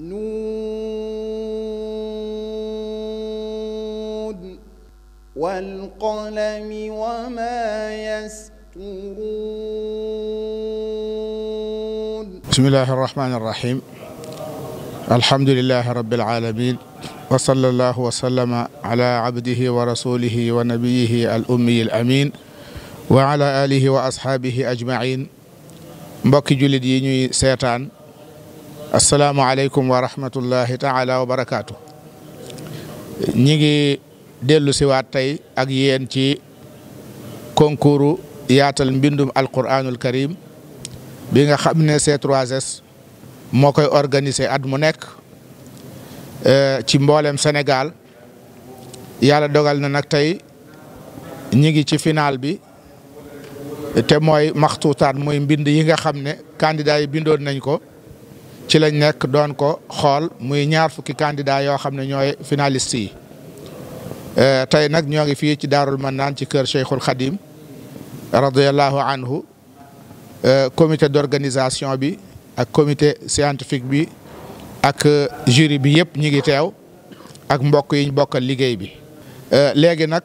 نون والقلم وما يسترون بسم الله الرحمن الرحيم الحمد لله رب العالمين وصلى الله وسلم على عبده ورسوله ونبيه الأمي الأمين وعلى آله وأصحابه أجمعين mbokki jullit yi ñuy seetaan asalaamualeykum wa rahmatullahi taala wa barakaatu. ñi ngi dellu tey ak yéen ci concours yaatal mbindum alquranul karim bi nga xam ne c 3 moo koy organise at mu nekk e, ci mboolem Sénégal yàlla dogal na nag tey ñi ngi ci final bi te mooy maxtuutaan mooy mbind yi nga xam ne kandidaa yi bindoon nañ ko. ci lañ nekk doon ko xool muy ñaar fukki candidat yoo xam ne ñooy finaliste yi eh, tey nag ñoo ngi fii ci Daarul Mannaan ci kër Cheikhul Khadim radiyallahu anhu eh, comité d'organisation bi ak comité scientifique bi ak jury bi yëpp ñi ngi teew ak mbokk yi ñu bokkal liggéey bi. Eh, léegi nag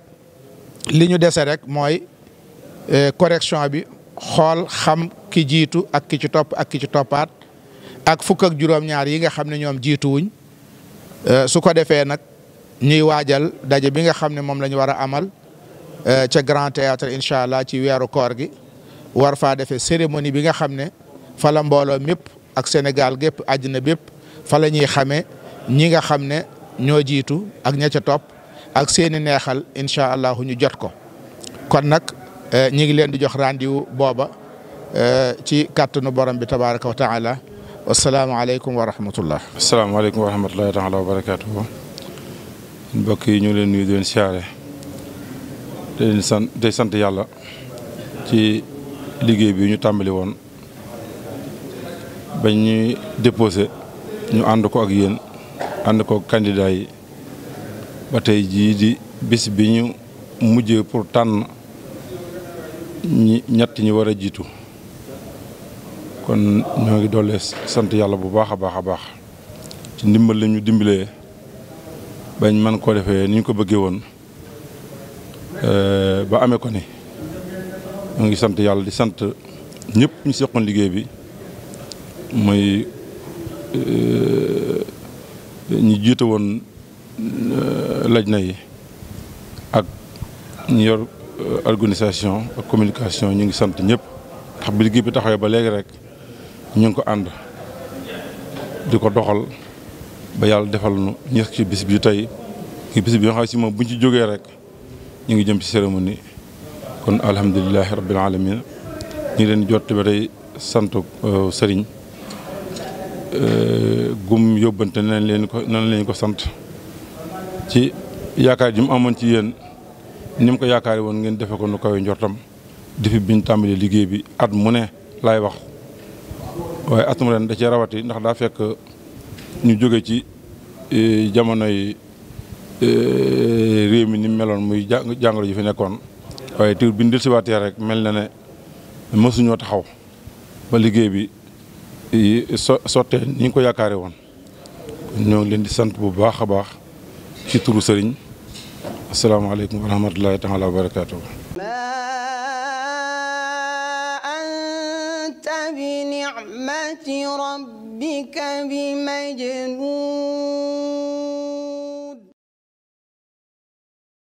li ñu dese rek mooy correction bi xool xam ki jiitu ak ki ci topp ak ki ci toppaat. ak fukk ak juróom-ñaar yi nga xam ne ñoom jiituwuñ euh, su ko defee nag ñuy waajal daje bi nga xam ne moom la ñu war a amal euh, ca Grand Théâtre incha allah ci weeru koor gi war faa defee cérémonie bi nga xam ne fala la mbooloo mépp ak Sénégal gépp àddina bépp fa la ñuy xamee ñi nga xam ne ñoo jiitu ak ña ca topp ak seeni neexal incha allah ñu jot ko kon nag euh, ñi ngi leen di jox rendez-vous booba ci kàttanu borom bi tabaraka wa taala asalaamaaleykum wa rahmatullah. asalaamaaleykum wa rahmatullahi taala wa barakaatu. mbokk yi ñu leen nuyu di leen siyaare di sant yàlla ci liggéey bi ñu tàmbali woon ba ñuy déposé ñu ànd ko ak yéen ànd ko candidat yi ba tey jii di bis bi ñu mujjee pour tànn ñi ñett ñi war a jiitu. kon ñoo ngi doole sant yàlla bu baax a baax a baax ci ndimbal la ñu dimbalee bañ man koo defee ni ñu ko bëggee woon euh, ba amee ko ni ñoo ngi sant yàlla di sant ñëpp ñu seqoon liggéey bi mooy euh, ñi jiite woon euh, laj na yi ak ñu yor organisation ak communication ñu ngi sant ñëpp ndax bi liggéey bi taxawee ba léegi rek ñu ngi ko ànd di ko doxal ba yàlla defal nu ñeex ci bis bi tey ngi bis bi nga xam si moom buñ ci jógee rek ñu ngi jëm ci cérémonie kon alhamdulilahi rabbil alamin ñu leen jot ba tey sant euh, sëriñ euh, gum yóbbante nañ leen ko nañ leen ko sant ci yaakaar ji mu amoon ci yéen ni mu ko yaakaari woon ngeen defe ko nu kawe njortam depuis biñ tàmbalee liggéey bi at mu ne laay wax waaye atum ren da cee rawati ndax daa fekk ñu jóge ci e, jamono e, réew mi ni meloon muy jàngoro ji fi nekkoon waaye tur bi ñu dellusiwaatee rek mel na ne mësuñoo taxaw ba liggéey bi e, so sottee ni ñu ko yaakaare woon ñoo ngi leen di sant bu baax a baax ci turu sëriñ asalaamaaleykum wa rahmatulahi taala wa بنعمة ربك بمجنون